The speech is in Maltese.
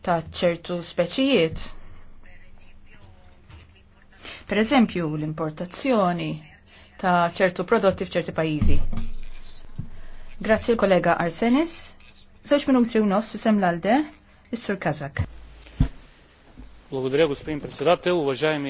ta' ċertu speċijiet. Per eżempju, l-importazzjoni ta' ċertu prodotti f'ċerti pajjiżi. Grazzi l-kollega Arsenis. Zewġ minuti u nofs fisem l-alde, is-Sur Kazak. Благодаря, господин председател. Уважаеми